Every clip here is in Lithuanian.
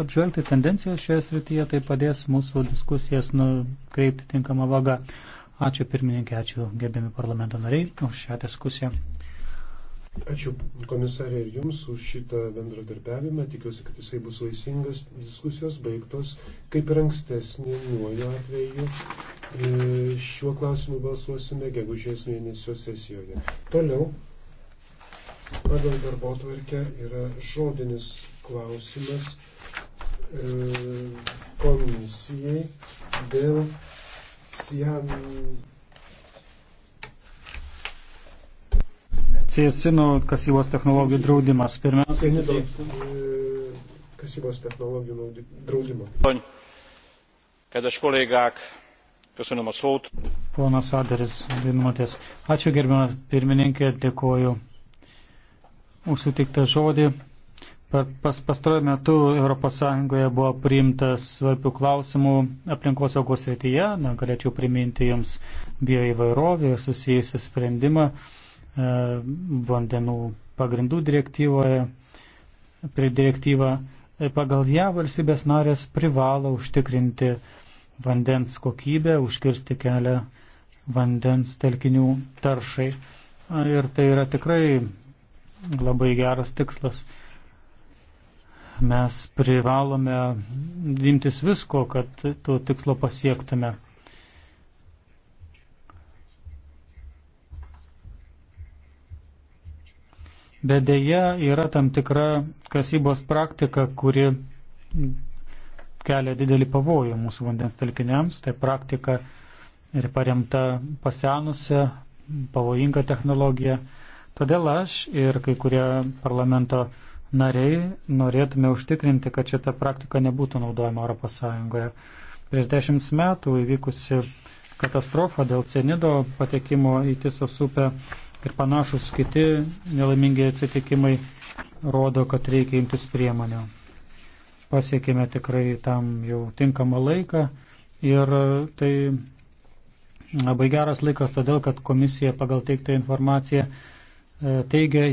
apžvelgti tendencijas šioje srityje, tai padės mūsų diskusijas nukreipti tinkamą vagą. Ačiū pirmininkė, ačiū gerbiami parlamento nariai už šią diskusiją. Ačiū komisarė ir jums už šitą bendradarbiavimą. Tikiuosi, kad jisai bus vaisingas. Diskusijos baigtos, kaip ir ankstesnė nuojo atveju. E, šiuo klausimu balsuosime gegužės mėnesio sesijoje. Toliau Pagal darbo tvarkę yra žodinis klausimas e, komisijai dėl sienų. Ciesinų kasybos technologijų draudimas. Pirmiausia, e, kasybos technologijų draudimo. Kedves kollégák, köszönöm a szót. Ponas Aderis, dvi minutės. Ačiū gerbiamas pirmininkė, dėkoju mūsų tiktą žodį. Pas pastaruoju metu ES buvo priimtas svarbių klausimų aplinkos saugos srityje. Na, galėčiau priminti Jums bioįvairovį ir susijusią sprendimą e, vandenų pagrindų direktyvoje. Prie direktyvą e, pagal ją valstybės narės privalo užtikrinti vandens kokybę, užkirsti kelią vandens telkinių taršai. Ir tai yra tikrai labai geras tikslas. Mes privalome imtis visko, kad to tikslo pasiektume. Bet dėja yra tam tikra kasybos praktika, kuri kelia didelį pavojų mūsų vandens telkiniams. Tai praktika ir paremta pasenusią, pavojinga technologija. Todėl aš ir kai kurie parlamento nariai norėtume užtikrinti, kad šita praktika nebūtų naudojama ES. Prieš dešimt metų įvykusi katastrofa dėl cenido patekimo į Tisos upę ir panašus kiti nelaimingi atsitikimai rodo, kad reikia imtis priemonių. Pasiekime tikrai tam jau tinkamą laiką ir tai labai geras laikas todėl, kad komisija pagal teiktą informaciją E, teigia,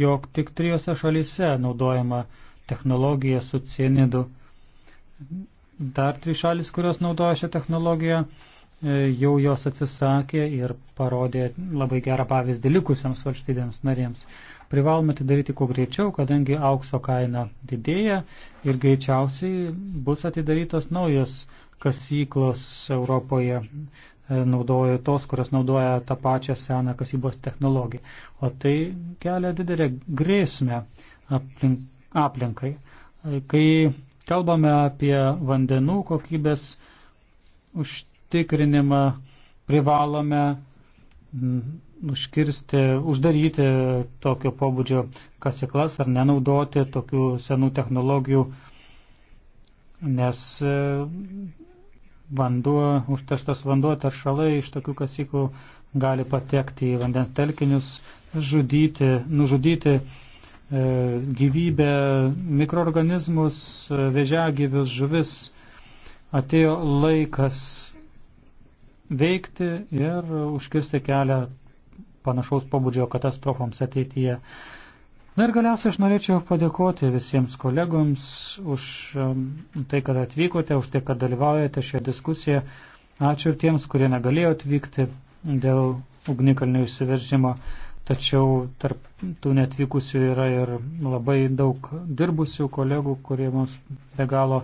jog tik trijose šalyse naudojama technologija su cienidu. Dar trys šalis, kurios naudoja šią technologiją, e, jau jos atsisakė ir parodė labai gerą pavyzdį likusiems valstybėms narėms. Privalome tai daryti kuo greičiau, kadangi aukso kaina didėja ir greičiausiai bus atidarytos naujos kasyklos Europoje. E, naudoja tos, kurios naudoja tą pačią seną kasybos technologiją. O tai kelia didelę grėsmę aplink, aplinkai. E, kai kalbame apie vandenų kokybės užtikrinimą, privalome užkirsti, uždaryti tokio pobūdžio kasiklas ar nenaudoti tokių senų technologijų, nes e, vanduo, užtestas vanduo, taršalai iš tokių kasyklų gali patekti į vandens telkinius, žudyti, nužudyti e, gyvybę, mikroorganizmus, e, vėžiagyvius, žuvis. Atėjo laikas veikti ir užkirsti kelią panašaus pobūdžio katastrofoms ateityje. Na ir galiausiai aš norėčiau padėkoti visiems kolegoms už um, tai, kad atvykote, už tai, kad dalyvaujate šią diskusiją. Ačiū ir tiems, kurie negalėjo atvykti dėl ugnikalnių įsiveržimo, tačiau tarp tų netvykusių yra ir labai daug dirbusių kolegų, kurie mums be galo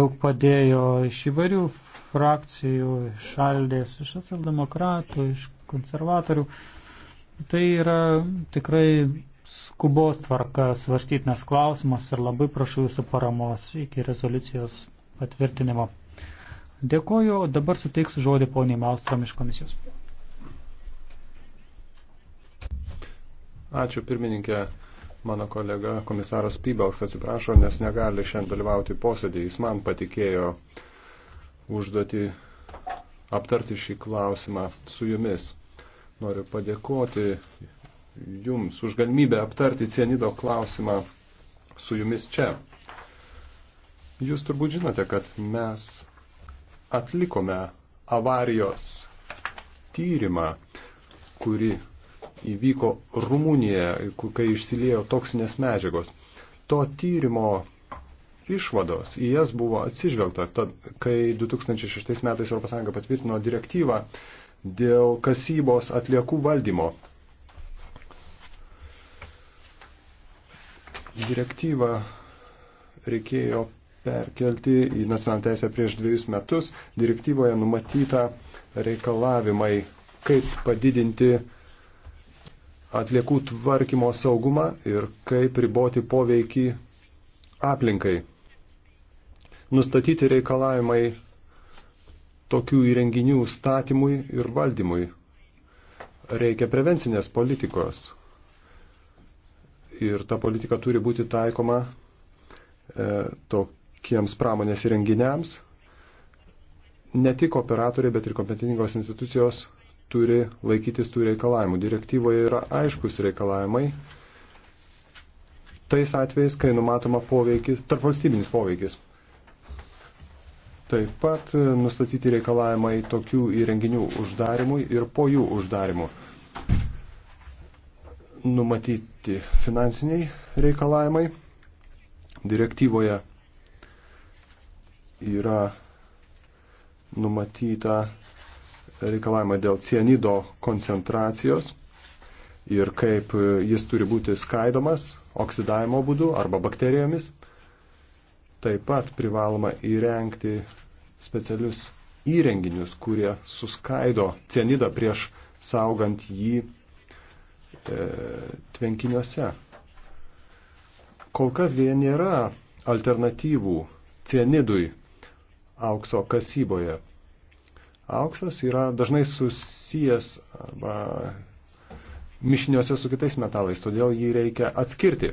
daug padėjo iš įvairių frakcijų, iš aldės, iš socialdemokratų, iš konservatorių. Tai yra tikrai skubos tvarka svarstytinas klausimas ir labai prašau jūsų paramos iki rezoliucijos patvirtinimo. Dėkuoju, dabar suteiksiu žodį poniai Maustrom iš komisijos. Ačiū pirmininkė. Mano kolega komisaras Pybalks atsiprašo, nes negali šiandien dalyvauti posėdį. Jis man patikėjo užduoti aptarti šį klausimą su jumis. Noriu padėkoti Jums už galimybę aptarti cienido klausimą su Jumis čia. Jūs turbūt žinote, kad mes atlikome avarijos tyrimą, kuri įvyko Rumunijoje, kai išsiliejo toksinės medžiagos. To tyrimo išvados, į jas buvo atsižvelgta, tad, kai 2006 metais ES patvirtino direktyvą dėl kasybos atliekų valdymo. direktyvą reikėjo perkelti į nacionalinę teisę prieš dviejus metus. Direktyvoje numatyta reikalavimai, kaip padidinti atliekų tvarkymo saugumą ir kaip riboti poveikį aplinkai. Nustatyti reikalavimai tokių įrenginių statymui ir valdymui. Reikia prevencinės politikos, ir ta politika turi būti taikoma e, tokiems pramonės įrenginiams. Ne tik operatoriai, bet ir kompetentingos institucijos turi laikytis tų reikalavimų. Direktyvoje yra aiškus reikalavimai. Tais atvejais, kai numatoma poveikis, tarpvalstybinis poveikis. Taip pat e, nustatyti reikalavimai tokių įrenginių uždarimui ir po jų uždarimų numatyti finansiniai reikalavimai. Direktyvoje yra numatyta reikalavimai dėl cianido koncentracijos ir kaip jis turi būti skaidomas oksidavimo būdu arba bakterijomis. Taip pat privaloma įrengti specialius įrenginius, kurie suskaido cianidą prieš saugant jį E, tvenkiniuose. Kol kas dėja nėra alternatyvų cienidui aukso kasyboje. Auksas yra dažnai susijęs arba mišiniuose su kitais metalais, todėl jį reikia atskirti.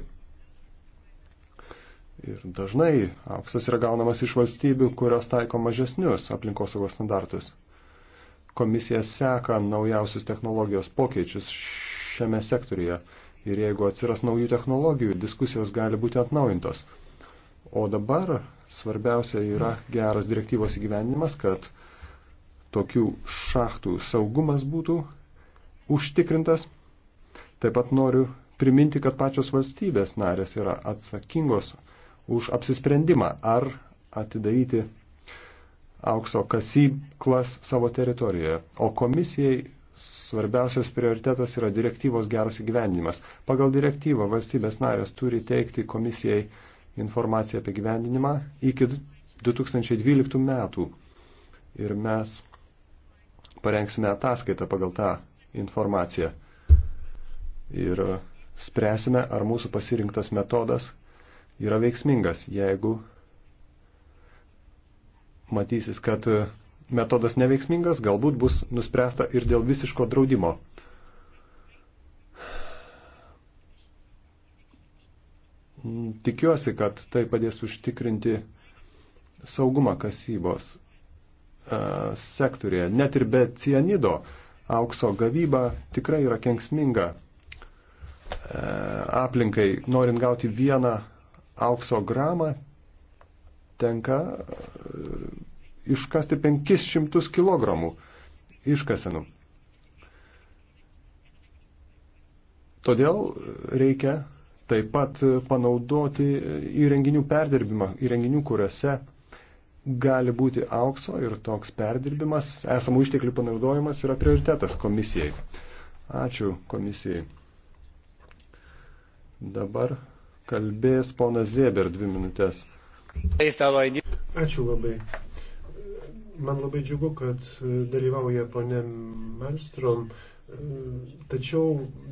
Ir dažnai auksas yra gaunamas iš valstybių, kurios taiko mažesnius aplinkosaugos standartus. Komisija seka naujausius technologijos pokyčius šiame sektoriuje. Ir jeigu atsiras naujų technologijų, diskusijos gali būti atnaujintos. O dabar svarbiausia yra geras direktyvos įgyvendinimas, kad tokių šachtų saugumas būtų užtikrintas. Taip pat noriu priminti, kad pačios valstybės narės yra atsakingos už apsisprendimą ar atidaryti aukso kasyklas savo teritorijoje. O komisijai Svarbiausias prioritetas yra direktyvos geras įgyvendinimas. Pagal direktyvą valstybės narės turi teikti komisijai informaciją apie gyvendinimą iki 2012 metų. Ir mes parengsime ataskaitą pagal tą informaciją. Ir spręsime, ar mūsų pasirinktas metodas yra veiksmingas, jeigu matysis, kad metodas neveiksmingas, galbūt bus nuspręsta ir dėl visiško draudimo. Tikiuosi, kad tai padės užtikrinti saugumą kasybos e, sektorėje. Net ir be cianido aukso gavyba tikrai yra kenksminga e, aplinkai. Norint gauti vieną aukso gramą, tenka iškasti 500 kg iškasenų. Todėl reikia taip pat panaudoti įrenginių perdirbimą, įrenginių, kuriuose gali būti aukso ir toks perdirbimas, esamų išteklių panaudojimas yra prioritetas komisijai. Ačiū komisijai. Dabar kalbės ponas Zėber dvi minutės. Ačiū labai. Man labai džiugu, kad e, dalyvauja ponė Malmstrom, e, tačiau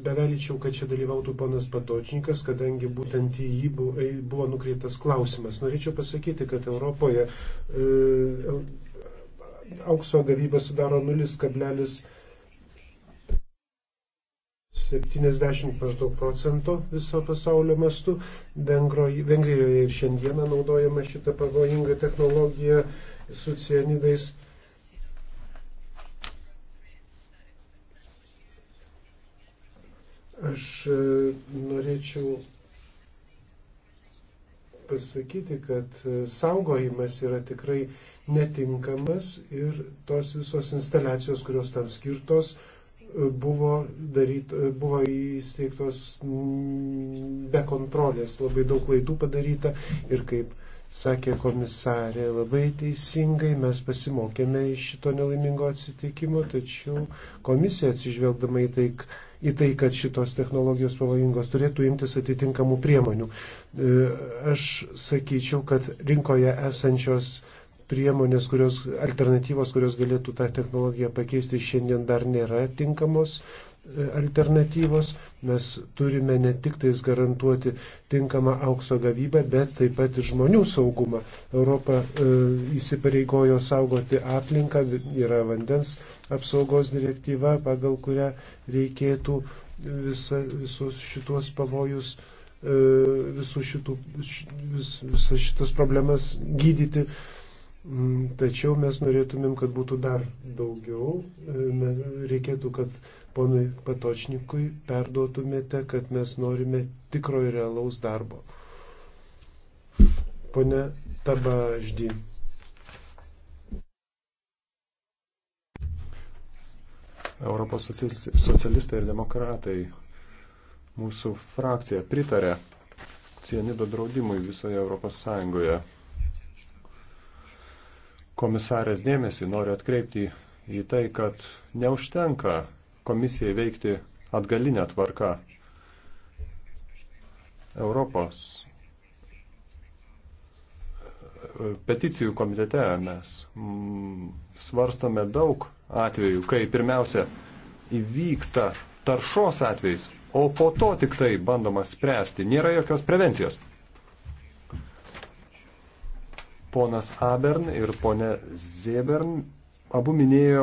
bevelyčiau, kad čia dalyvautų ponas Patočnikas, kadangi būtent į jį buvo nukreiptas klausimas. Norėčiau pasakyti, kad Europoje e, aukso gavybą sudaro 0,70 maždaug procento viso pasaulio mastu. Vengrijoje ir šiandieną naudojama šita pavojinga technologija su cienidais. Aš e, norėčiau pasakyti, kad e, saugojimas yra tikrai netinkamas ir tos visos instaliacijos, kurios tam skirtos, e, buvo, daryt, buvo įsteigtos be kontrolės, labai daug klaidų padaryta ir kaip sakė komisarė, labai teisingai mes pasimokėme iš šito nelaimingo atsitikimo, tačiau komisija atsižvelgdama į tai, į tai, kad šitos technologijos pavojingos turėtų imtis atitinkamų priemonių. E, aš sakyčiau, kad rinkoje esančios priemonės, kurios, alternatyvos, kurios galėtų tą technologiją pakeisti, šiandien dar nėra tinkamos alternatyvos. Mes turime ne tik tais garantuoti tinkamą aukso gavybę, bet taip pat ir žmonių saugumą. Europa e, įsipareigojo saugoti aplinką, yra vandens apsaugos direktyva, pagal kurią reikėtų visa, visus šitos pavojus e, visus šitų, vis, visas šitas problemas gydyti. E, Mm, tačiau mes norėtumėm, kad būtų dar daugiau. E, reikėtų, kad ponui Patočnikui perduotumėte, kad mes norime tikro ir realaus darbo. Pone Tabaždy. Europos socialistai ir demokratai mūsų frakcija pritarė cienido draudimui visoje Europos Sąjungoje komisarės dėmesį noriu atkreipti į tai, kad neužtenka komisijai veikti atgalinę tvarką. Europos e, peticijų komitete mes mm, svarstome daug atvejų, kai pirmiausia įvyksta taršos atvejais, o po to tik tai bandoma spręsti. Nėra jokios prevencijos. Ponas Abern ir ponė Zebern abu minėjo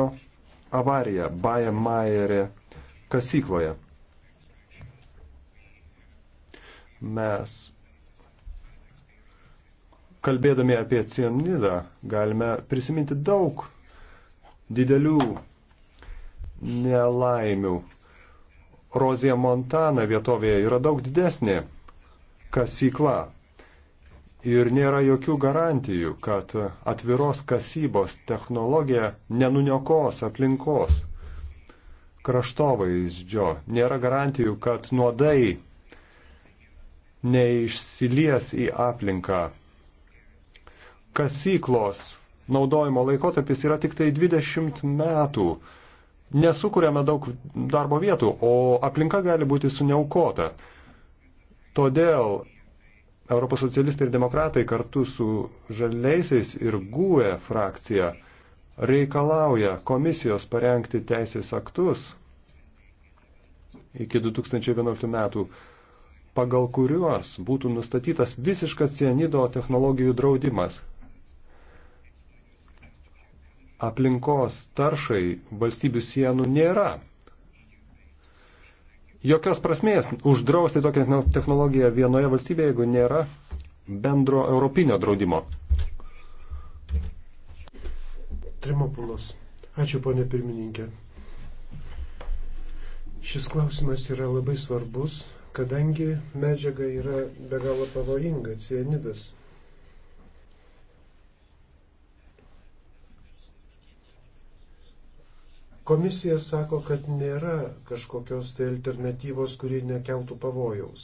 avariją Baja Majerė kasykloje. Mes kalbėdami apie cianidą galime prisiminti daug didelių nelaimių. Rozija Montana vietovėje yra daug didesnė kasykla ir nėra jokių garantijų, kad atviros kasybos technologija nenuniokos aplinkos kraštovaizdžio. Nėra garantijų, kad nuodai neišsilies į aplinką. Kasyklos naudojimo laikotarpis yra tik tai 20 metų. Nesukūrėme daug darbo vietų, o aplinka gali būti suniaukota. Todėl Europos socialistai ir demokratai kartu su žaliaisiais ir GUE frakcija reikalauja komisijos parengti teisės aktus iki 2011 metų, pagal kuriuos būtų nustatytas visiškas cianido technologijų draudimas. Aplinkos taršai valstybių sienų nėra jokios prasmės uždrausti tokią technologiją vienoje valstybėje, jeigu nėra bendro europinio draudimo. Trimopulos. Ačiū, ponė pirmininkė. Šis klausimas yra labai svarbus, kadangi medžiaga yra be galo pavojinga, cienidas. Komisija sako, kad nėra kažkokios tai alternatyvos, kuri nekeltų pavojaus.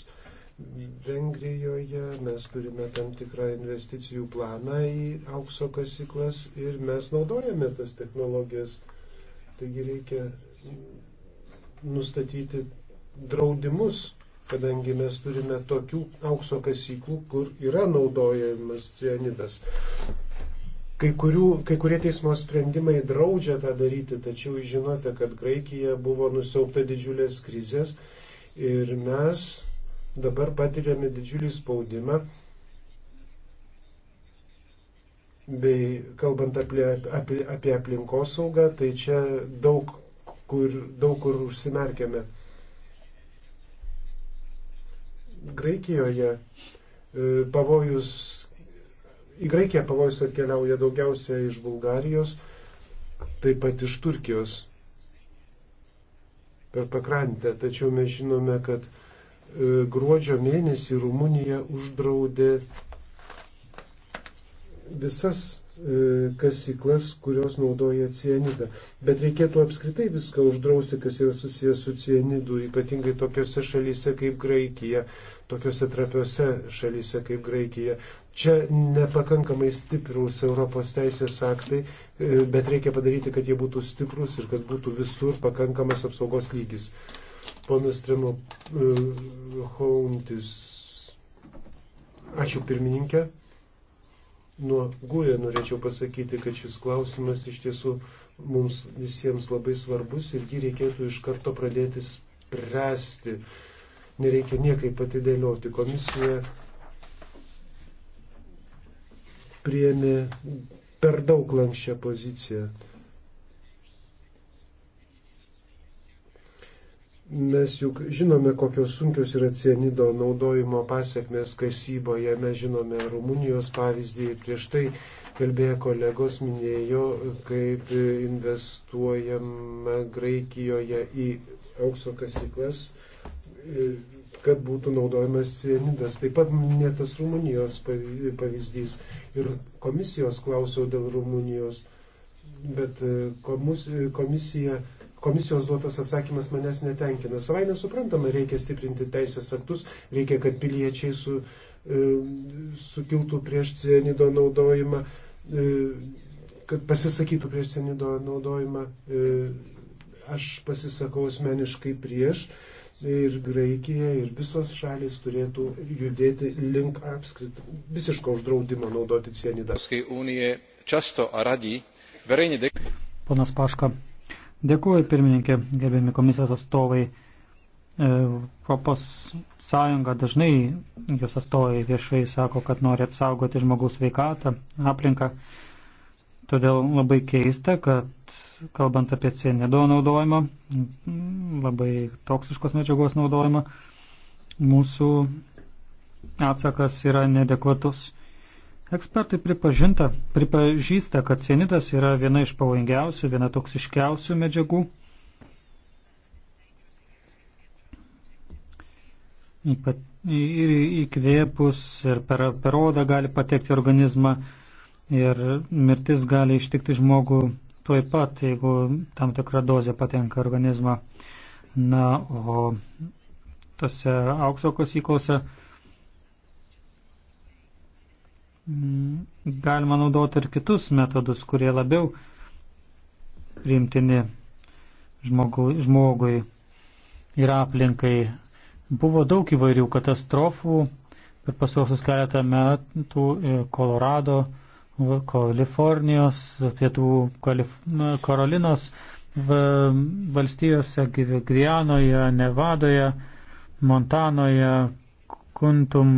Vengrijoje mes turime tam tikrą investicijų planą į aukso kasyklas ir mes naudojame tas technologijas. Taigi reikia nustatyti draudimus, kadangi mes turime tokių aukso kasyklų, kur yra naudojamas cianidas. Kai, kurių, kai kurie teismo sprendimai draudžia tą daryti, tačiau žinote, kad Graikija buvo nusiaupta didžiulės krizės ir mes dabar patiriame didžiulį spaudimą. Bei kalbant apie, apie, apie aplinkosaugą, tai čia daug kur, daug kur užsimerkėme. Graikijoje e, pavojus į Graikiją pavojus atkeliauja daugiausia iš Bulgarijos, taip pat iš Turkijos per pakrantę. Tačiau mes žinome, kad e, gruodžio mėnesį Rumunija uždraudė visas e, kasiklas, kurios naudoja cianidą. Bet reikėtų apskritai viską uždrausti, kas yra susijęs su cianidu, ypatingai tokiose šalyse kaip Graikija, tokiose trapiose šalyse kaip Graikija. Čia nepakankamai stiprus Europos teisės aktai, e, bet reikia padaryti, kad jie būtų stiprus ir kad būtų visur pakankamas apsaugos lygis. Ponas Tremo e, Hauntis. Ačiū pirmininkė. Nuo Gūje norėčiau pasakyti, kad šis klausimas iš tiesų mums visiems labai svarbus ir jį reikėtų iš karto pradėti spręsti. Nereikia niekaip atidėlioti. Komisija priemi per daug lankščią poziciją. Mes juk žinome, kokios sunkios yra cienido naudojimo pasiekmes kasyboje, mes žinome Rumunijos pavyzdį, prieš tai kalbėję kolegos minėjo, kaip investuojama Graikijoje į aukso kasyklas kad būtų naudojamas cianidas. Taip pat minėtas Rumunijos pavyzdys ir komisijos klausiau dėl Rumunijos, bet e, e, komisija, komisijos duotas atsakymas manęs netenkina. Savai nesuprantama, reikia stiprinti teisės aktus, reikia, kad piliečiai su, e, sukiltų prieš cianido naudojimą, kad pasisakytų prieš cianido naudojimą. Aš pasisakau asmeniškai prieš ir Graikija ir visos šalis turėtų judėti link apskritų visiško uždraudimo naudoti cianidą. Ponas Paška, dėkuoju pirmininkė, gerbėmi komisijos atstovai. E, Europos Sąjunga dažnai jos atstovai viešai sako, kad nori apsaugoti žmogaus veikatą, aplinką. Todėl labai keista, kad kalbant apie cienido naudojimą, labai toksiškos medžiagos naudojimą, mūsų atsakas yra nedekvatus. Ekspertai pripažinta, pripažįsta, kad cienidas yra viena iš pavojingiausių, viena toksiškiausių medžiagų. Ypat, ir įkvėpus ir per, per odą gali patekti organizmą ir mirtis gali ištikti žmogų tuoj pat, jeigu tam tikra dozė patenka organizmą. Na, o tose aukso kasyklose mm, galima naudoti ir kitus metodus, kurie labiau priimtini žmogui, žmogui ir aplinkai. Buvo daug įvairių katastrofų per pastarosius keletą metų e, Kolorado Kalifornijos, pietų Kalif Karolinos valstijose, Gvianoje, Nevadoje, Montanoje, Kuntum,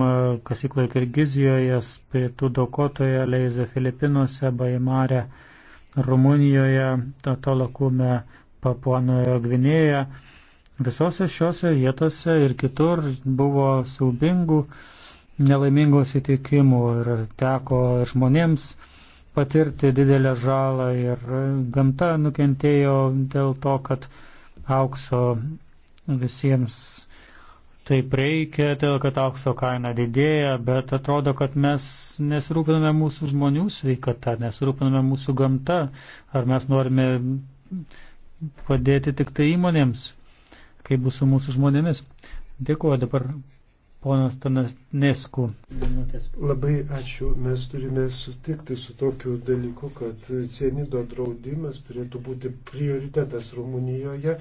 kasykloje Kirgizijoje, pietų Dokotoje, Leize Filipinuose, Baimare, Rumunijoje, Totolakume, Papuanoje, Gvinėje. Visose šiose vietose ir kitur buvo saubingų nelaimingų atsitikimų ir teko ir žmonėms patirti didelę žalą ir gamta nukentėjo dėl to, kad aukso visiems taip reikia, todėl kad aukso kaina didėja, bet atrodo, kad mes nesirūpiname mūsų žmonių sveikata, nesirūpiname mūsų gamta, ar mes norime padėti tik tai įmonėms, kaip bus su mūsų žmonėmis. Dėkuoju dabar Ponas Tanesku. Labai ačiū. Mes turime sutikti su tokiu dalyku, kad cienido draudimas turėtų būti prioritetas Rumunijoje, e,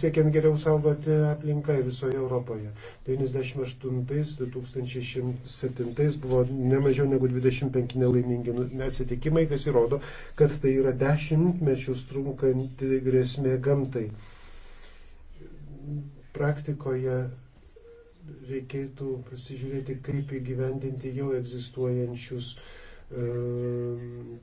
siekiant geriau saugoti aplinką visoje Europoje. 1998-2007 buvo nemažiau negu 25 nelaimingi nu, atsitikimai, kas įrodo, kad tai yra dešimtmečius trunkanti grėsmė gamtai. Praktikoje reikėtų pasižiūrėti, kaip įgyvendinti jau egzistuojančius e,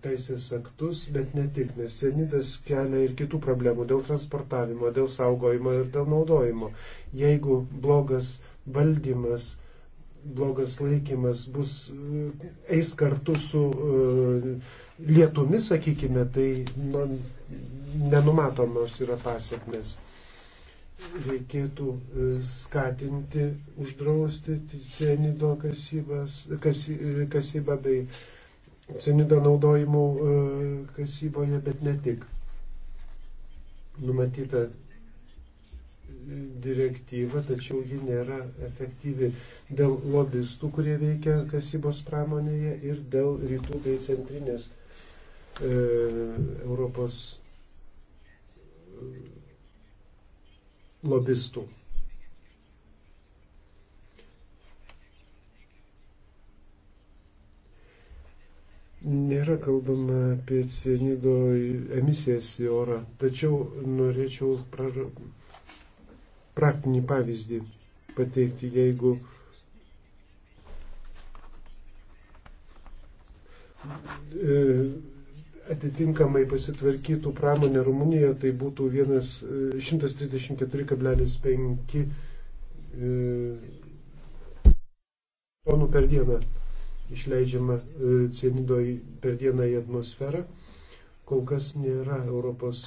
teisės aktus, bet ne tik, nes cianidas kelia ir kitų problemų dėl transportavimo, dėl saugojimo ir dėl naudojimo. Jeigu blogas valdymas, blogas laikymas bus, e, eis kartu su e, lietumis, sakykime, tai nu, nenumatomos yra pasiekmes reikėtų e, skatinti uždrausti cienido kasybas, kasy, kasybą bei cienido naudojimų e, kasyboje, bet ne tik. Numatyta e, direktyva, tačiau ji nėra efektyvi dėl lobistų, kurie veikia kasybos pramonėje ir dėl rytų bei centrinės e, Europos lobistų. Nėra kalbama apie cienido emisijas į orą, tačiau norėčiau pra... praktinį pavyzdį pateikti, jeigu e, atitinkamai pasitvarkytų pramonė Rumunijoje, tai būtų 134,5 e, e, tonų per dieną išleidžiama e, cienido per dieną į atmosferą. Kol kas nėra Europos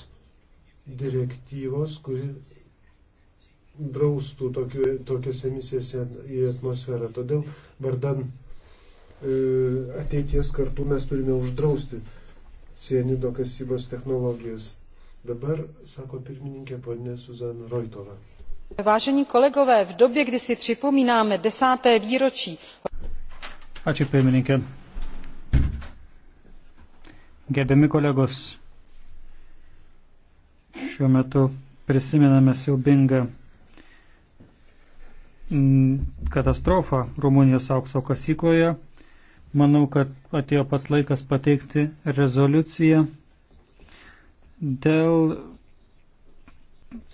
direktyvos, kuri draustų tokiu, tokias emisijas į atmosferą. Todėl vardan ateities kartų mes turime uždrausti cienido kasybos technologijas. Dabar, sako pirmininkė ponė Suzana Roitova. Vážení kolegové, v době, kdy si připomínáme desáté výročí. Ačiū pirmininkė. Gerbiami kolegos, šiuo metu prisimename siaubingą mm, katastrofą Rumunijos aukso kasykloje Manau, kad atėjo pas laikas pateikti rezoliuciją dėl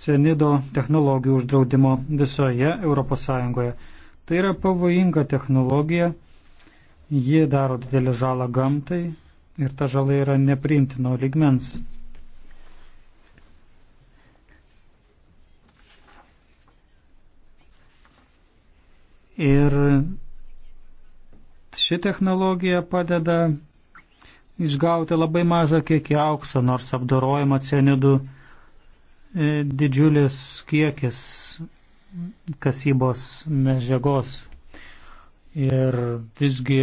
cenido technologijų uždraudimo visoje ES. Tai yra pavojinga technologija, ji daro didelį žalą gamtai ir ta žala yra nepriimtino ligmens. Ir ši technologija padeda išgauti labai mažą kiekį aukso, nors apdorojama cenidų e, didžiulis kiekis kasybos medžiagos. Ir visgi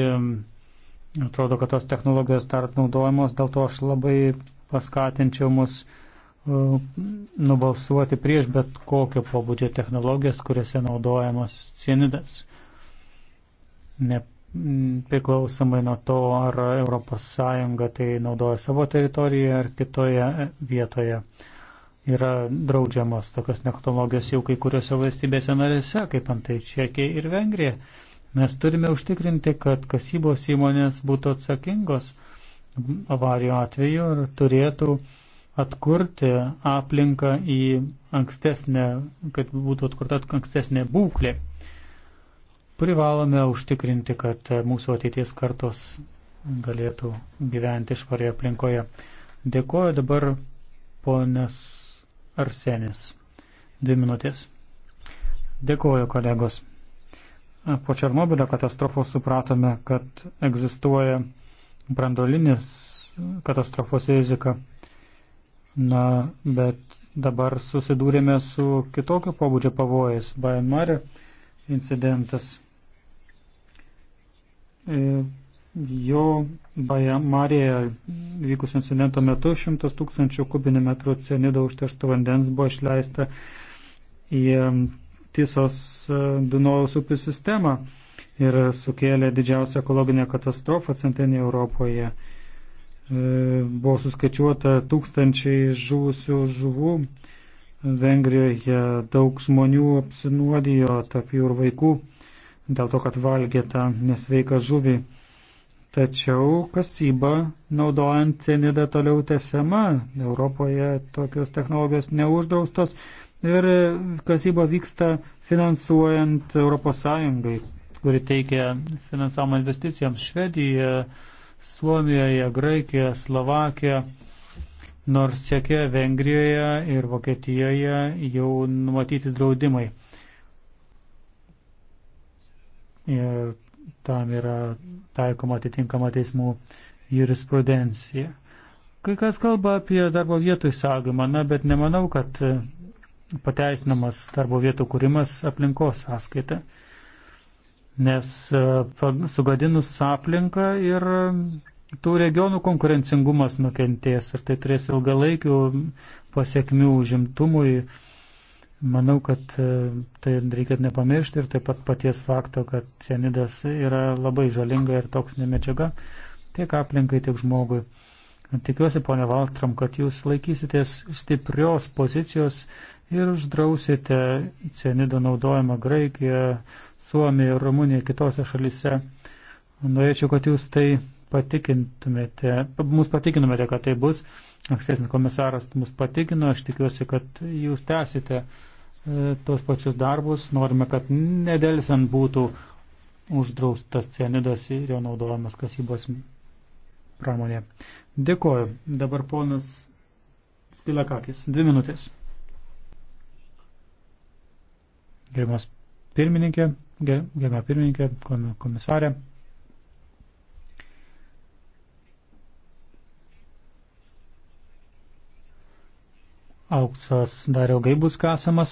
atrodo, kad tos technologijos dar naudojamos, dėl to aš labai paskatinčiau mus e, nubalsuoti prieš bet kokio pobūdžio technologijas, kuriuose naudojamas cenidas. Ne priklausomai nuo to, ar ES tai naudoja savo teritorijoje ar kitoje vietoje. Yra draudžiamos tokios technologijos jau kai kuriuose valstybėse narėse, kaip antai Čekija ir Vengrija. Mes turime užtikrinti, kad kasybos įmonės būtų atsakingos avarijų atveju ir turėtų atkurti aplinką į ankstesnę, kad būtų atkurta ankstesnė būklė. Privalome užtikrinti, kad mūsų ateities kartos galėtų gyventi švarioje aplinkoje. Dėkoju dabar ponės Arsenis. Dvi minutės. Dėkoju, kolegos. Po Černobilio katastrofos supratome, kad egzistuoja brandolinis katastrofos rizika. Na, bet dabar susidūrėme su kitokio pobūdžio pavojais. Baimari incidentas E, Jau Baja Marija vykusio incidento metu 100 tūkstančių kubinių metrų cianido užteršto vandens buvo išleista į e, Tisos e, Dunojaus upių sistemą ir sukėlė didžiausią ekologinę katastrofą centrinėje Europoje. Buvo suskaičiuota tūkstančiai žuvusių žuvų. Vengrijoje daug žmonių apsinuodijo, tarp jų ir vaikų dėl to, kad valgė tą nesveiką žuvį. Tačiau kasyba naudojant cenidą toliau tesiama. Europoje tokios technologijos neuždraustos ir kasyba vyksta finansuojant ES, kuri teikia finansavimą investicijoms Švedijoje, Suomijoje, Graikijoje, Slovakijoje. Nors Čekijoje, Vengrijoje ir Vokietijoje jau numatyti draudimai ir tam yra taikoma atitinkama teismų jurisprudencija. Kai kas kalba apie darbo vietų įsagymą, na, bet nemanau, kad e, pateisinamas darbo vietų kūrimas aplinkos sąskaita. Nes e, sugadinus aplinką ir tų regionų konkurencingumas nukentės ir tai turės ilgalaikių pasiekmių užimtumui Manau, kad e, tai reikia nepamiršti ir taip pat paties fakto, kad cianidas yra labai žalinga ir toksinė medžiaga tiek aplinkai, tiek žmogui. Tikiuosi, ponia Valtram, kad jūs laikysitės stiprios pozicijos ir uždrausite cianido naudojimą Graikijoje, Suomijoje, Rumunijoje, kitose šalise. Norėčiau, kad jūs tai patikintumėte, mus patikinumėte, kad tai bus. Ankstesnis komisaras mus patikino, aš tikiuosi, kad jūs tęsite e, tos pačius darbus. Norime, kad nedėlisant būtų uždraustas cianidas ir jo naudojamas kasybos pramonė. Dėkoju. Dabar ponas Skilakakis. Dvi minutės. Gerimas pirmininkė, gerima pirmininkė, komisarė. auksas dar ilgai bus kasamas,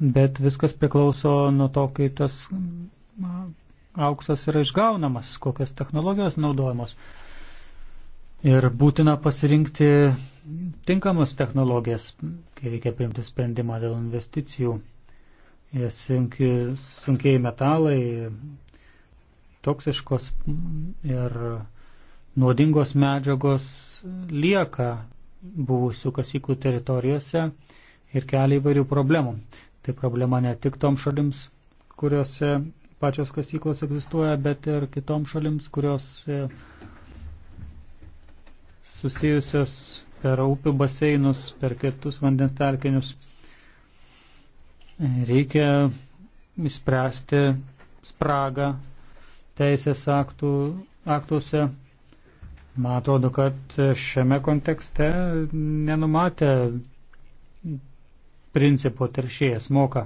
bet viskas priklauso nuo to, kaip tas auksas yra išgaunamas, kokios technologijos naudojamos. Ir būtina pasirinkti tinkamas technologijas, kai reikia priimti sprendimą dėl investicijų. Sunki, sunkiai metalai, toksiškos ir nuodingos medžiagos lieka buvusių kasyklų teritorijose ir kelia įvairių problemų. Tai problema ne tik tom šalims, kuriuose pačios kasyklos egzistuoja, bet ir kitom šalims, kurios e, susijusios per upių baseinus, per kitus vandens telkinius. Reikia įspręsti spragą teisės aktų, aktuose Man atrodo, kad šiame kontekste nenumatė principo teršėjas moka.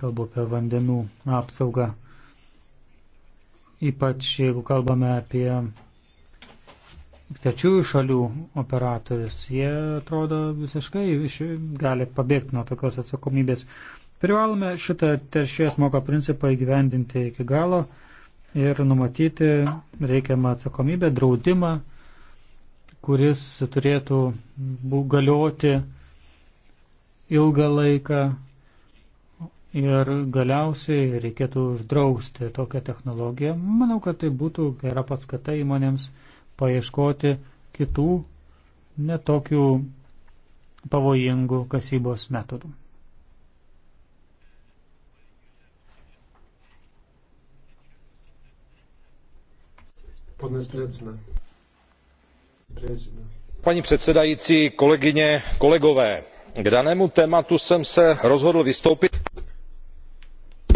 Kalbu apie vandenų apsaugą. Ypač jeigu kalbame apie trečiųjų šalių operatorius, jie atrodo visiškai gali pabėgti nuo tokios atsakomybės. Privalome šitą teršėjas moka principą įgyvendinti iki galo ir numatyti reikiamą atsakomybę, draudimą, kuris turėtų galioti ilgą laiką ir galiausiai reikėtų uždrausti tokią technologiją. Manau, kad tai būtų gera paskata įmonėms paieškoti kitų netokių pavojingų kasybos metodų. Ponas Bredzina. Bredzina. Paní předsedající, kolegyně, kolegové, k danému tématu jsem se rozhodl vystoupit.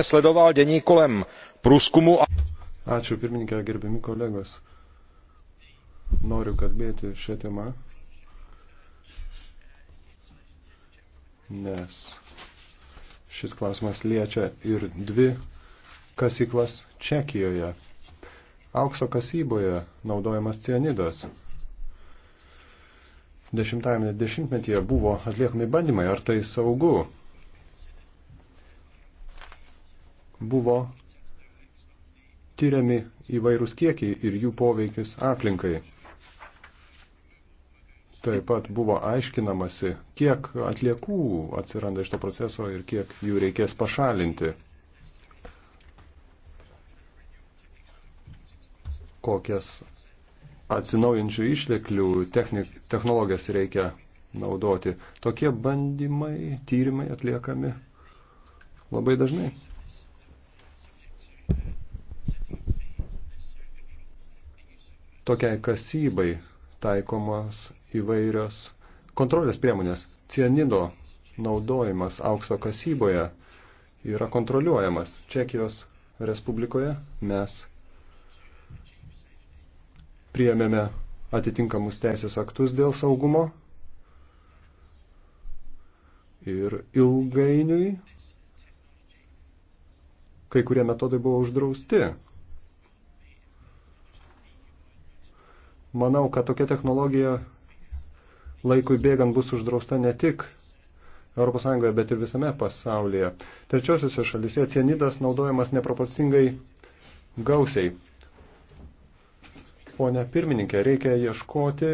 Sledoval dění kolem průzkumu a... Ačiū pirmininkė, gerbiami kolegos. Noriu kalbėti šią temą, nes šis klausimas liečia ir dvi kasyklas Čekijoje. Aukso kasyboje naudojamas cianidas. Dešimtajame dešimtmetyje buvo atliekami bandymai, ar tai saugu. Buvo tyriami įvairūs kiekiai ir jų poveikis aplinkai. Taip pat buvo aiškinamasi, kiek atliekų atsiranda iš to proceso ir kiek jų reikės pašalinti. kokias atsinaujančių išteklių technologijas reikia naudoti. Tokie bandymai, tyrimai atliekami labai dažnai. Tokiai kasybai taikomos įvairios kontrolės priemonės. Cianido naudojimas aukso kasyboje yra kontroliuojamas. Čekijos Respublikoje mes priėmėme atitinkamus teisės aktus dėl saugumo ir ilgainiui kai kurie metodai buvo uždrausti. Manau, kad tokia technologija laikui bėgant bus uždrausta ne tik ES, bet ir visame pasaulyje. Trečiosiuose šalise cianidas naudojamas neproporcingai gausiai ponia pirmininkė, reikia ieškoti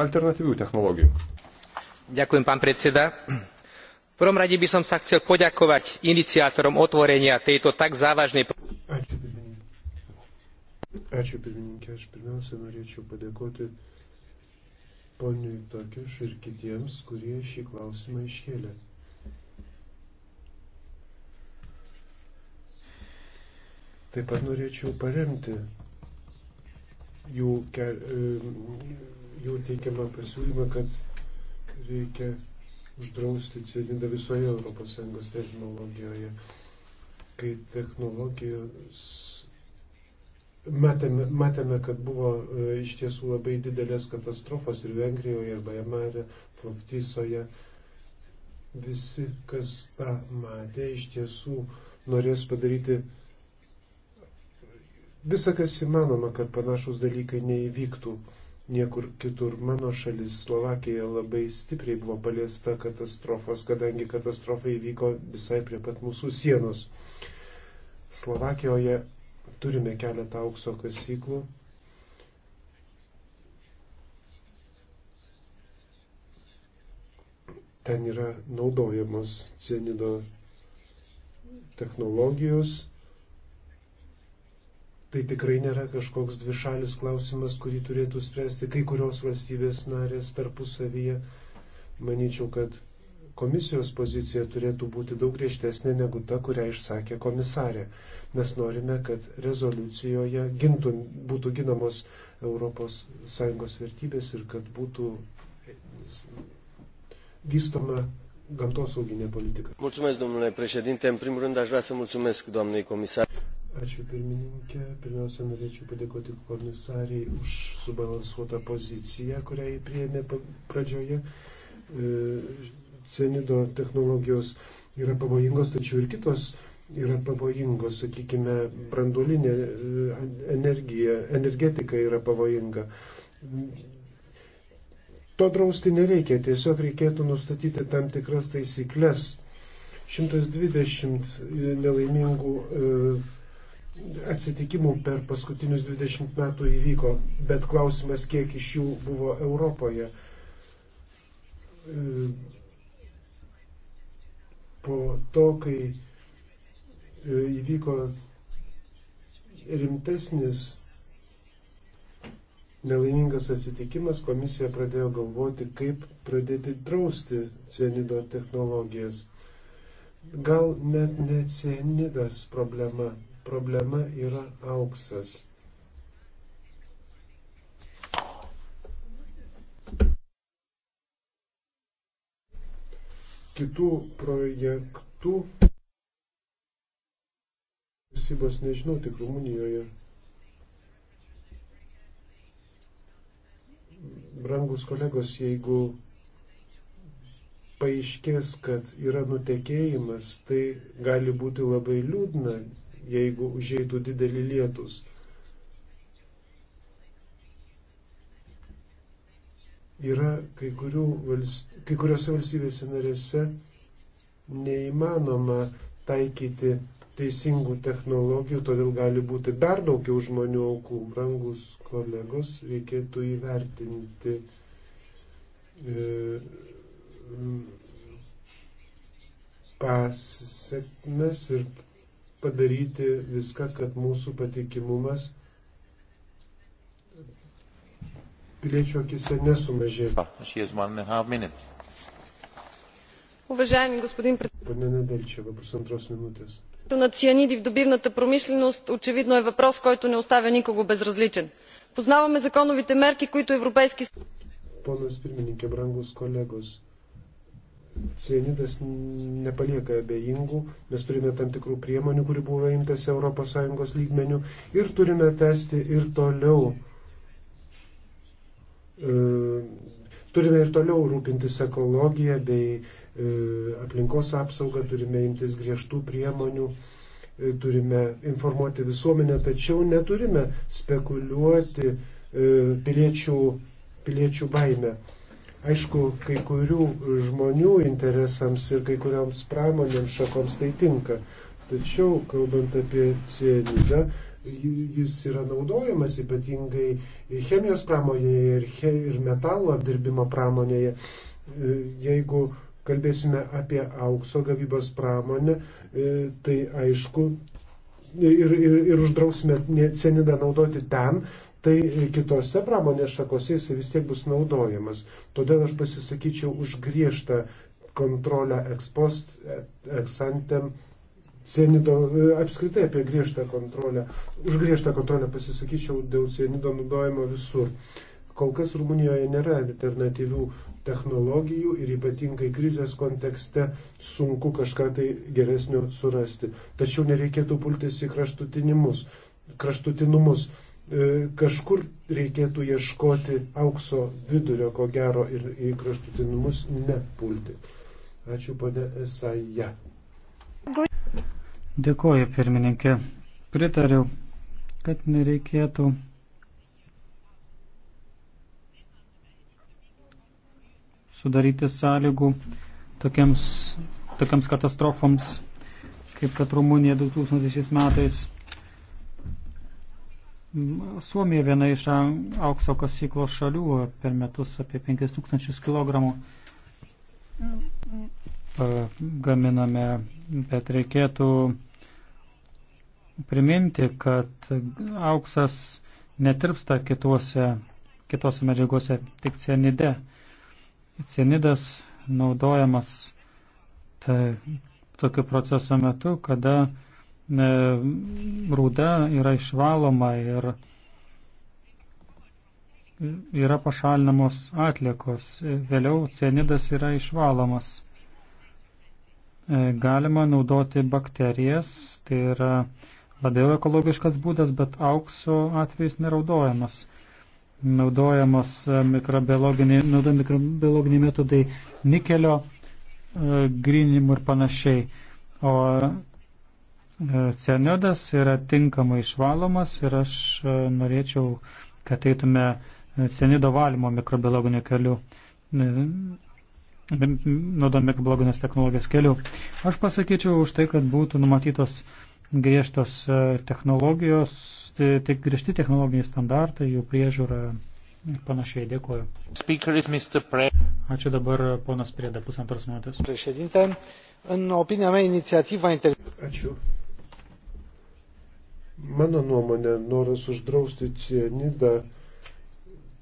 alternatyvių technologijų. Ďakujem, pán predseda. V prvom rade by som sa chcel poďakovať iniciátorom otvorenia tejto tak závažnej. Ačiū pirmininkė. Ačiū pirmininkė. Aš pirmiausia norėčiau padėkoti poniui Tokiš ir kitiems, kurie šį klausimą iškėlė. Taip pat norėčiau paremti jų, e, jų teikiamą pasiūlymą, kad reikia uždrausti cianidą visoje ES technologijoje. Kai technologijos Matėme, matėme, kad buvo e, iš tiesų labai didelės katastrofos ir Vengrijoje, ir Bajamare, Floftisoje. Visi, kas tą matė, iš tiesų norės padaryti visakas įmanoma, kad panašus dalykai neįvyktų niekur kitur. Mano šalis Slovakija labai stipriai buvo paliesta katastrofos, kadangi katastrofa įvyko visai prie pat mūsų sienos. Slovakijoje turime keletą aukso kasyklų. Ten yra naudojamos cienido technologijos Tai tikrai nėra kažkoks dvišalis klausimas, kurį turėtų spręsti kai kurios valstybės narės tarpusavyje. Manyčiau, kad komisijos pozicija turėtų būti daug griežtesnė negu ta, kurią išsakė komisarė. Mes norime, kad rezoliucijoje gintų, būtų ginamos ES vertybės ir kad būtų vystoma gamtosauginė politika. Mulțumesc, domnule președinte. În primul rând, aș vrea să mulțumesc doamnei comisar. Ačiū pirmininkė. Pirmiausia, norėčiau padėkoti komisariai už subalansuotą poziciją, kurią jį priėmė pradžioje. E, Cenido technologijos yra pavojingos, tačiau ir kitos yra pavojingos, sakykime, branduolinė e, energija, energetika yra pavojinga. To drausti nereikia, tiesiog reikėtų nustatyti tam tikras taisyklės. 120 e, nelaimingų atsitikimų per paskutinius 20 metų įvyko, bet klausimas, kiek iš jų buvo Europoje. E, po to, kai e, įvyko rimtesnis nelaimingas atsitikimas, komisija pradėjo galvoti, kaip pradėti drausti cienido technologijas. Gal net ne cienidas problema problema yra auksas. Kitų projektų Sibos nežinau, tik Rumunijoje. Brangus kolegos, jeigu paaiškės, kad yra nutekėjimas, tai gali būti labai liūdna, jeigu užėjtų didelį lietus. Yra kai, valst... kai kuriuose valstybėse narėse neįmanoma taikyti teisingų technologijų, todėl gali būti dar daugiau žmonių aukų. Brangus kolegos, reikėtų įvertinti e, pasiekmes ir padaryti viską, kad mūsų patikimumas piliečio akise nesumažėtų. Ah, Уважаеми господин председател, на цианиди в добивната промишленост очевидно е въпрос, който не оставя никого безразличен. Познаваме законовите мерки, които Европейски съюз cienidas nepalieka abejingų, mes turime tam tikrų priemonių, kurių buvo imtas ES lygmenių ir turime tęsti ir toliau. E, turime ir toliau rūpintis ekologiją bei e, aplinkos apsaugą, turime imtis griežtų priemonių, e, turime informuoti visuomenę, tačiau neturime spekuliuoti e, piliečių, piliečių baime. Aišku, kai kurių žmonių interesams ir kai kurioms pramonėms šakoms tai tinka. Tačiau, kalbant apie cianidą, jis yra naudojamas ypatingai chemijos pramonėje ir, he, ir metalo apdirbimo pramonėje. E, jeigu kalbėsime apie aukso gavybos pramonę, e, tai aišku, ir, ir, ir uždrausime cianidą naudoti ten, tai kitose pramonės šakose jisai vis tiek bus naudojamas. Todėl aš pasisakyčiau už griežtą kontrolę ekspost, eksantem, cienido, apskritai apie griežtą kontrolę, už griežtą kontrolę pasisakyčiau dėl cienido naudojimo visur. Kol kas Rumunijoje nėra alternatyvių technologijų ir ypatingai krizės kontekste sunku kažką tai geresnio surasti. Tačiau nereikėtų pultis į kraštutinumus. kraštutinumus. E, kažkur reikėtų ieškoti aukso vidurio, ko gero, ir į kraštutinumus nepulti. Ačiū, ponė Esaja. Dėkoju, pirmininkė. Pritariau, kad nereikėtų sudaryti sąlygų tokiams, tokiams katastrofoms, kaip kad Rumunija 2000 metais Suomija viena iš aukso kasyklos šalių per metus apie 5000 kg gaminame, bet reikėtų priminti, kad auksas netirpsta kituose, kitose medžiagose, tik cienide. Cienidas naudojamas tai, tokiu proceso metu, kada rūda yra išvaloma ir yra pašalinamos atliekos. Vėliau cianidas yra išvalomas. E, galima naudoti bakterijas, tai yra labiau ekologiškas būdas, bet aukso atvejais neraudojamas. Naudojamos e, mikrobiologiniai, naudojami mikrobiologiniai metodai nikelio e, grinimų ir panašiai. O E, cianodas yra tinkamai išvalomas ir aš e, norėčiau, kad eitume e, cianido valymo mikrobiologiniu keliu, naudodami mikrobiologinės technologijos keliu. Aš pasakyčiau už tai, kad būtų numatytos griežtos technologijos, tik griežti technologiniai standartai, jų priežiūra ir panašiai. Dėkuoju. Ačiū dabar ponas Prieda, pusantros minutės. Ačiū. Mano nuomonė, noras uždrausti cianidą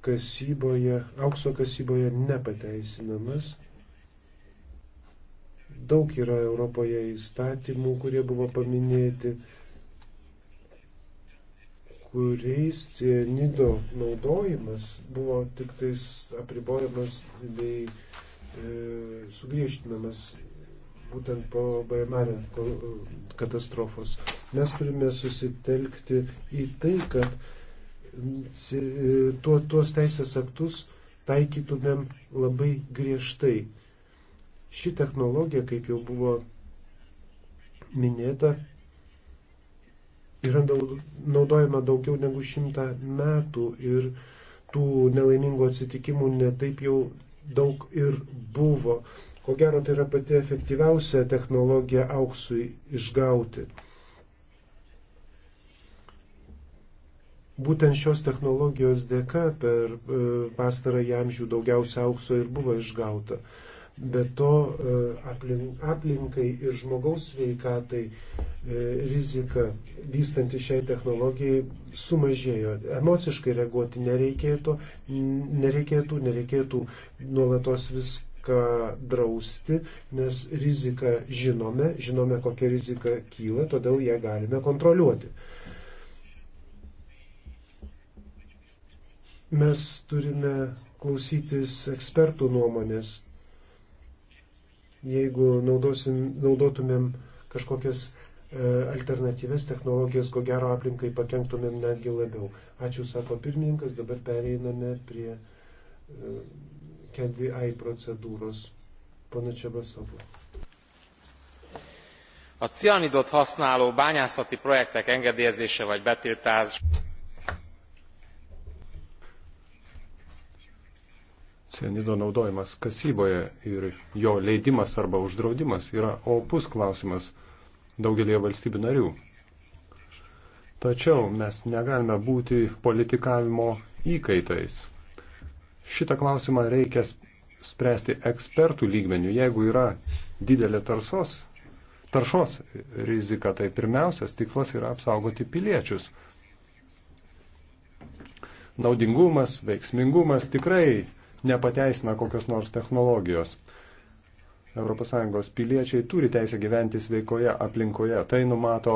kasyboje, aukso kasyboje nepateisinamas. Daug yra Europoje įstatymų, kurie buvo paminėti, kuriais cianido naudojimas buvo tik tais apribojamas bei e, sugriežtinamas būtent po Baimare katastrofos. Mes turime susitelkti į tai, kad e, tuo, tuos teisės aktus taikytumėm labai griežtai. Ši technologija, kaip jau buvo minėta, yra naudojama daugiau negu šimtą metų ir tų nelaimingų atsitikimų netaip jau daug ir buvo. Ko gero, tai yra pati efektyviausia technologija auksui išgauti. Būtent šios technologijos dėka per e, pastarą amžių daugiausia aukso ir buvo išgauta. Be to e, aplinkai ir žmogaus sveikatai e, rizika vystanti šiai technologijai sumažėjo. Emociškai reaguoti nereikėtų, nereikėtų, nereikėtų nuolatos viską drausti, nes riziką žinome, žinome, kokia rizika kyla, todėl ją galime kontroliuoti. Mes turime klausytis ekspertų nuomonės, jeigu naudosim, naudotumėm kažkokias e, alternatyves technologijas, ko gero aplinkai pakenktumėm netgi labiau. Ačiū, sako pirmininkas, dabar pereiname prie KDI e, procedūros. Pana Csabaszobu. A cianidot használó bányászati projektek engedélyezése vagy betiltása. Cenido naudojimas kasyboje ir jo leidimas arba uždraudimas yra opus klausimas daugelie valstybių narių. Tačiau mes negalime būti politikavimo įkaitais. Šitą klausimą reikia spręsti ekspertų lygmenių. Jeigu yra didelė tarsos, taršos rizika, tai pirmiausias tikslas yra apsaugoti piliečius. Naudingumas, veiksmingumas tikrai nepateisina kokios nors technologijos. ES piliečiai turi teisę gyventi sveikoje aplinkoje. Tai numato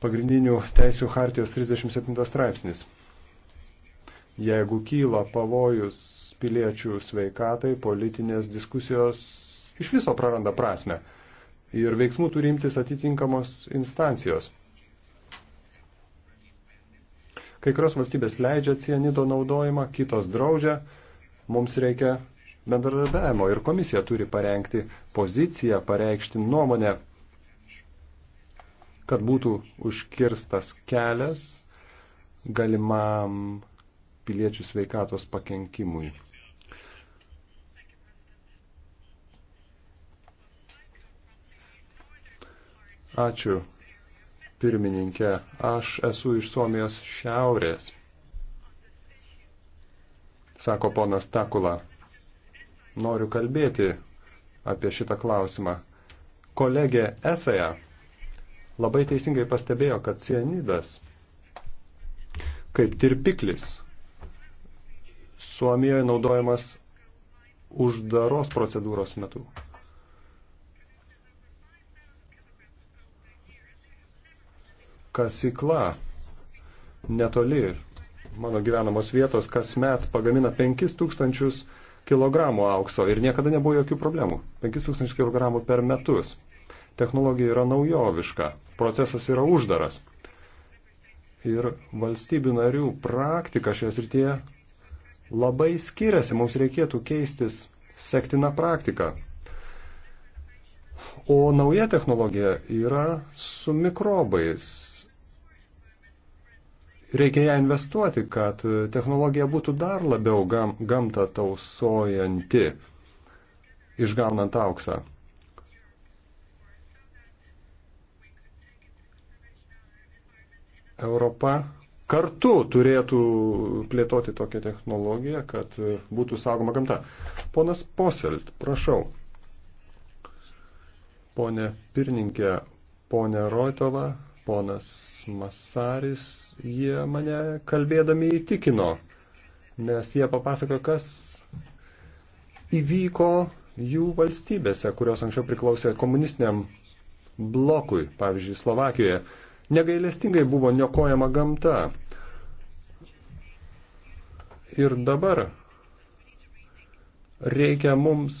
pagrindinių teisių hartijos 37 straipsnis. Jeigu kyla pavojus piliečių sveikatai, politinės diskusijos iš viso praranda prasme ir veiksmų turi imtis atitinkamos instancijos. Kai kurios valstybės leidžia cianido naudojimą, kitos draudžia. Mums reikia bendradarbiavimo ir komisija turi parengti poziciją, pareikšti nuomonę, kad būtų užkirstas kelias galimam piliečių sveikatos pakenkimui. Ačiū, pirmininkė. Aš esu iš Suomijos šiaurės, sako ponas Takula. Noriu kalbėti apie šitą klausimą. Kolegė Esaja labai teisingai pastebėjo, kad cianidas kaip tirpiklis Suomijoje naudojamas uždaros procedūros metu. kasykla netoli mano gyvenamos vietos kasmet pagamina 5000 kg aukso ir niekada nebuvo jokių problemų. 5000 kg per metus. Technologija yra naujoviška, procesas yra uždaras. Ir valstybių narių praktika šioje srityje labai skiriasi. Mums reikėtų keistis sektina praktika. O nauja technologija yra su mikrobais, Reikia ją investuoti, kad technologija būtų dar labiau gam, gamtą tausojanti, išgaunant auksą. Europa kartu turėtų plėtoti tokią technologiją, kad būtų saugoma gamta. Ponas Poselt, prašau. Pone pirmininkė, ponė Roitova, ponas Masaris, jie mane kalbėdami įtikino, nes jie papasako, kas įvyko jų valstybėse, kurios anksčiau priklausė komunistiniam blokui, pavyzdžiui, Slovakijoje. Negailestingai buvo niokojama gamta. Ir dabar reikia mums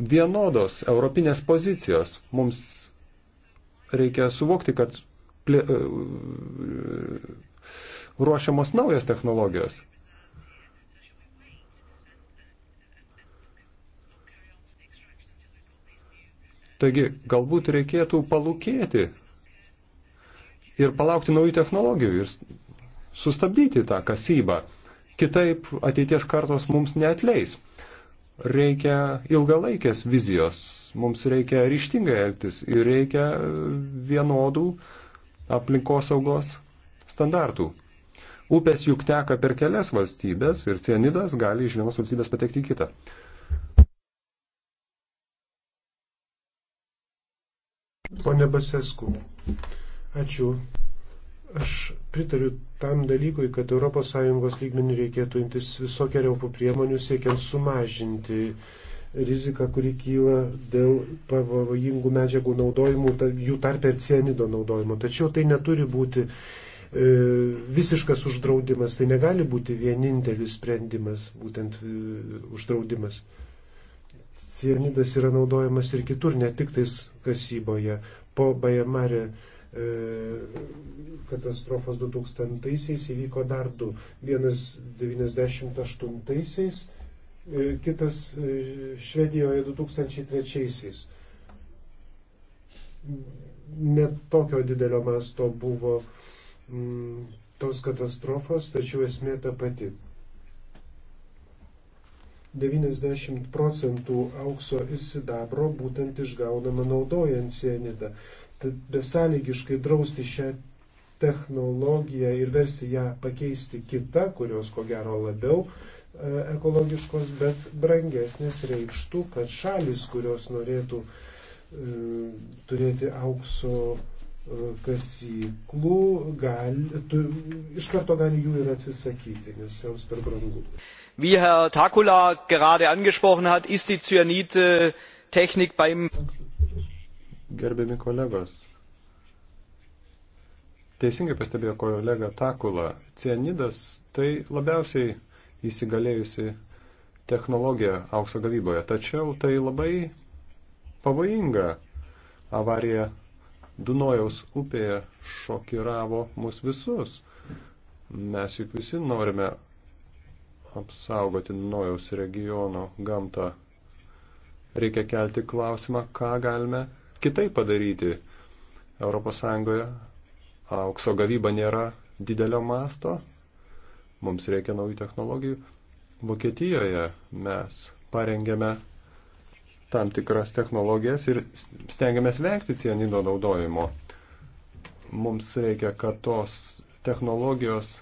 vienodos europinės pozicijos. Mums reikia suvokti, kad plė, e, ruošiamos naujas technologijos. Taigi, galbūt reikėtų palūkėti ir palaukti naujų technologijų ir sustabdyti tą kasybą. Kitaip ateities kartos mums neatleis reikia ilgalaikės vizijos, mums reikia ryštingai elgtis ir reikia vienodų aplinkosaugos standartų. Upės juk teka per kelias valstybės ir cianidas gali iš vienos valstybės patekti į kitą. Pone Basesku, ačiū. Aš pritariu tam dalykui, kad ES lygmenį reikėtų imtis visokiojopų priemonių siekiant sumažinti riziką, kuri kyla dėl pavojingų medžiagų naudojimų, jų tarp ir cienido naudojimo. Tačiau tai neturi būti e, visiškas uždraudimas, tai negali būti vienintelis sprendimas, būtent e, uždraudimas. Cienidas yra naudojamas ir kitur, ne tik tais kasyboje. Po Bajamarė E, katastrofos 2000-aisiais įvyko dar du. Vienas 98-aisiais, e, kitas e, Švedijoje 2003-aisiais. Net tokio didelio masto buvo mm, tos katastrofos, tačiau esmė ta pati. 90 procentų aukso ir sidabro būtent išgaunama naudojant cienidą. Tad besąlygiškai drausti šią technologiją ir versti ją pakeisti kitą, kurios ko gero labiau e, ekologiškos, bet brangesnės reikštų, kad šalis, kurios norėtų e, turėti aukso e, kasyklų, gali, tu, iš karto gali jų ir atsisakyti, nes joms per brangu. Wie Herr Takula gerade angesprochen hat, ist die Cyanid-Technik beim. Gerbiami kolegos, teisingai pastebėjo kolega Takula, cianidas tai labiausiai įsigalėjusi technologija aukso gavyboje, tačiau tai labai pavojinga avarija Dunojaus upėje šokiravo mus visus. Mes juk visi norime apsaugoti Dunojaus regiono gamtą reikia kelti klausimą, ką galime kitaip padaryti. ES aukso gavyba nėra didelio masto, mums reikia naujų technologijų. Vokietijoje mes parengėme tam tikras technologijas ir stengiamės vengti cianido naudojimo. Mums reikia, kad tos technologijos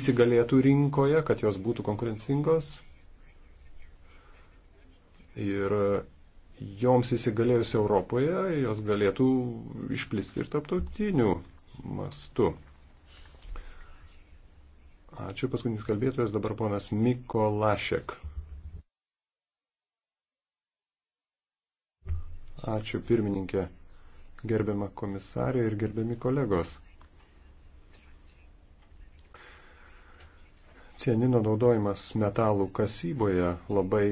įsigalėtų rinkoje, kad jos būtų konkurencingos. Ir joms įsigalėjus Europoje, jos galėtų išplisti ir taptautiniu mastu. Ačiū, paskutinis kalbėtojas dabar ponas Mikolašek. Ačiū, pirmininkė, gerbiama komisarė ir gerbiami kolegos. Cienino naudojimas metalų kasyboje labai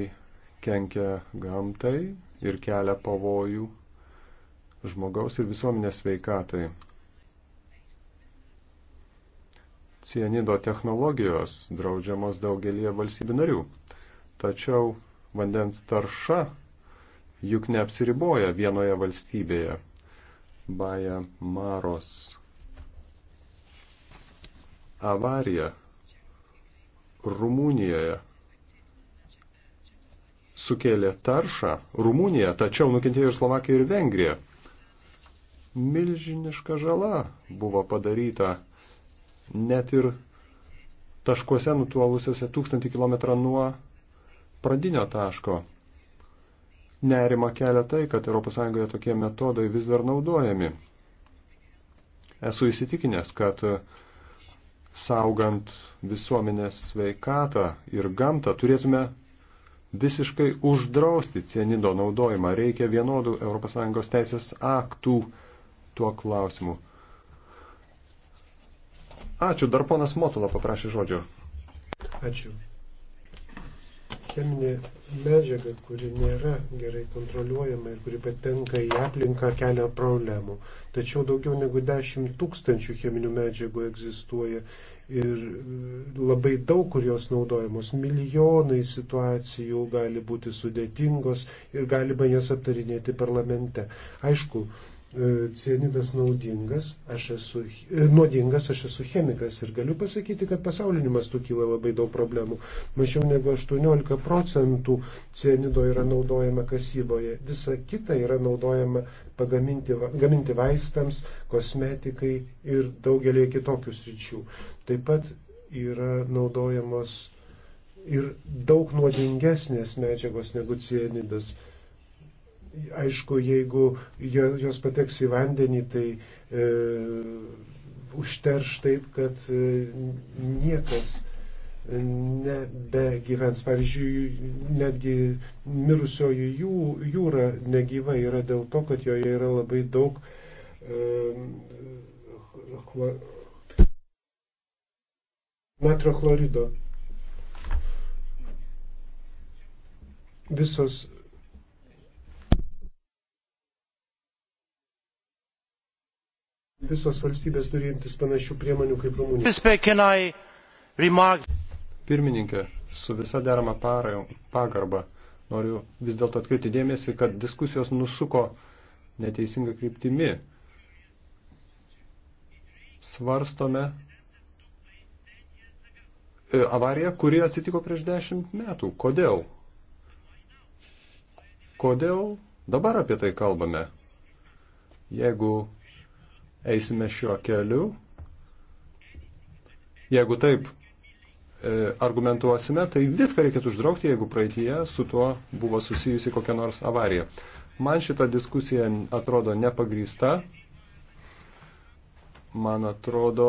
kenkia gamtai, ir kelia pavojų žmogaus ir visuomenės veikatai. Cienido technologijos draudžiamos daugelie valstybių narių, tačiau vandens tarša juk neapsiriboja vienoje valstybėje. Baja Maros avarija Rumunijoje sukėlė taršą Rumunija, tačiau nukentėjo ir Slovakija ir Vengrija. Milžiniška žala buvo padaryta net ir taškuose nutolusiuose tūkstantį kilometrą nuo pradinio taško. Nerima kelia tai, kad ES tokie metodai vis dar naudojami. Esu įsitikinęs, kad saugant visuomenės sveikatą ir gamtą turėtume visiškai uždrausti cianido naudojimą. Reikia vienodų ES teisės aktų tuo klausimu. Ačiū, dar ponas Motula paprašė žodžio. Ačiū. Cheminė medžiaga, kuri nėra gerai kontroliuojama ir kuri patenka į aplinką, kelia problemų. Tačiau daugiau negu 10 tūkstančių cheminių medžiagų egzistuoja ir e, labai daug kur jos naudojamos. Milijonai situacijų gali būti sudėtingos ir galima jas aptarinėti parlamente. Aišku, E, cienidas naudingas, aš esu, e, nuodingas, aš esu chemikas ir galiu pasakyti, kad pasauliniu mastu kyla labai daug problemų. Mažiau negu 18 procentų cienido yra naudojama kasyboje, visa kita yra naudojama pagaminti, gaminti vaistams, kosmetikai ir daugelį kitokių sričių. Taip pat yra naudojamos ir daug nuodingesnės medžiagos negu cienidas aišku, jeigu jos pateks į vandenį, tai e, užterš taip, kad e, niekas nebegyvens. Pavyzdžiui, netgi mirusioji jų, jūra negyva yra dėl to, kad joje yra labai daug e, chlo, natrio chlorido. Visos Visos valstybės turi imtis panašių priemonių kaip Rumunija. Pirmininkė, su visa derama pagarba noriu vis dėlto atkreipti dėmesį, kad diskusijos nusuko neteisinga kryptimi. Svarstome e, avariją, kuri atsitiko prieš dešimt metų. Kodėl? Kodėl dabar apie tai kalbame? Jeigu eisime šiuo keliu. Jeigu taip e, argumentuosime, tai viską reikėtų uždraukti, jeigu praeitie su tuo buvo susijusi kokia nors avarija. Man šita diskusija atrodo nepagrįsta. Man atrodo,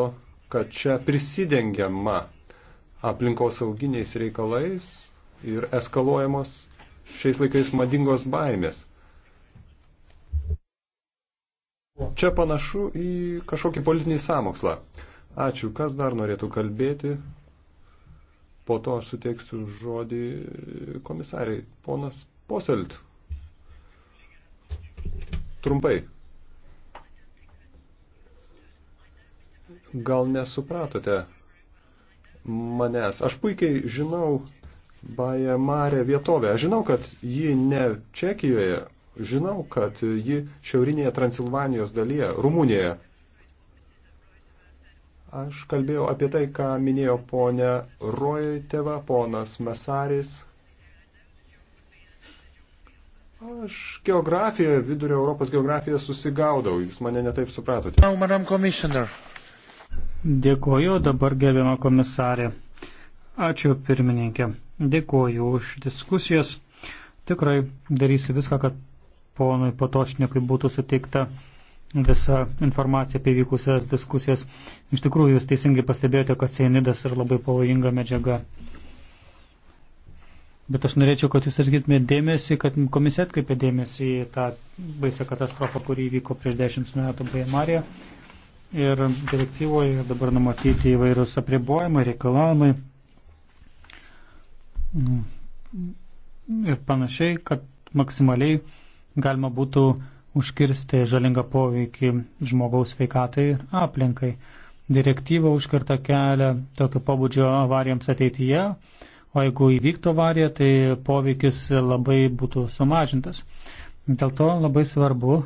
kad čia prisidengiama aplinkosauginiais reikalais ir eskaluojamos šiais laikais madingos baimės. Čia panašu į kažkokį politinį sąmokslą. Ačiū. Kas dar norėtų kalbėti? Po to aš suteiksiu žodį komisariai. Ponas Poselt. Trumpai. Gal nesupratote manęs. Aš puikiai žinau Bajamarę vietovę. Aš žinau, kad ji ne Čekijoje, Žinau, kad ji šiaurinėje Transilvanijos dalyje, Rumunijoje. Aš kalbėjau apie tai, ką minėjo ponė Rojteva, ponas Mesaris. Aš geografiją, vidurio Europos geografiją susigaudau, jūs mane netaip supratote. No, madam commissioner. Dėkuoju dabar gerbiamą komisarę. Ačiū pirmininkė. Dėkuoju už diskusijas. Tikrai darysiu viską, kad ponui Potošnikui būtų suteikta visą informaciją apie vykusias diskusijas. Iš tikrųjų, jūs teisingai pastebėjote, kad cianidas yra labai pavojinga medžiaga. Bet aš norėčiau, kad jūs atskirtumėte dėmesį, kad komisija atkreipė dėmesį į tą baisę katastrofą, kuri įvyko prieš dešimt metų Bajamarė. Ir direktyvoje dabar numatyti įvairius apribojimai, reikalavimai nu, ir panašiai, kad maksimaliai galima būtų užkirsti žalingą poveikį žmogaus sveikatai ir aplinkai. Direktyva užkirta kelią tokio pabudžio avarijoms ateityje, o jeigu įvyktų avarija, tai poveikis labai būtų sumažintas. Dėl to labai svarbu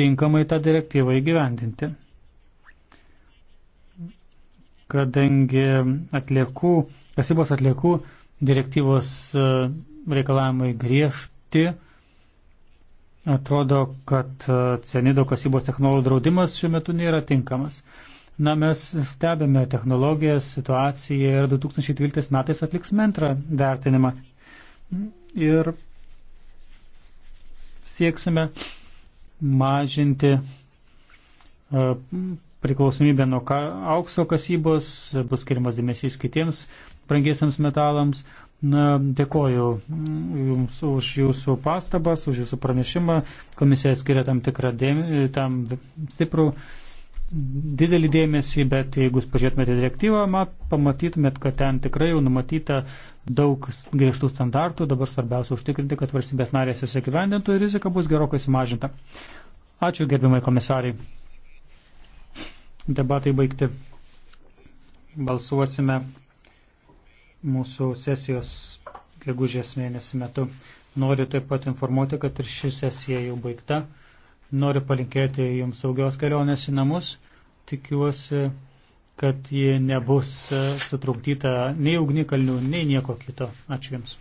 tinkamai tą direktyvą įgyvendinti. Kadangi atliekų, kasybos atliekų direktyvos e, reikalavimai griežti, Atrodo, kad e, cenido kasybos technologijų draudimas šiuo metu nėra tinkamas. Na, mes stebime technologiją, situaciją ir 2012 metais atliksime antrą vertinimą. Ir sieksime mažinti e, priklausomybę nuo aukso kasybos, bus skirimas dėmesys kitiems brangiesiams metalams, Na, dėkoju mm, Jums už Jūsų pastabas, už Jūsų pranešimą. Komisija skiria tam tikrą dėmesį, tam stiprų didelį dėmesį, bet jeigu jūs pažiūrėtumėte direktyvą, mat, pamatytumėt, kad ten tikrai jau numatyta daug griežtų standartų, dabar svarbiausia užtikrinti, kad valstybės narės jas įgyvendintų ir rizika bus gerokai sumažinta. Ačiū gerbimai komisariai. Debatai baigti. Balsuosime mūsų sesijos gegužės mėnesį metu. Noriu taip pat informuoti, kad ir ši sesija jau baigta. Noriu palinkėti Jums saugios kelionės į namus. Tikiuosi, kad ji nebus e, sutrukdyta nei ugnikalnių, nei nieko kito. Ačiū Jums.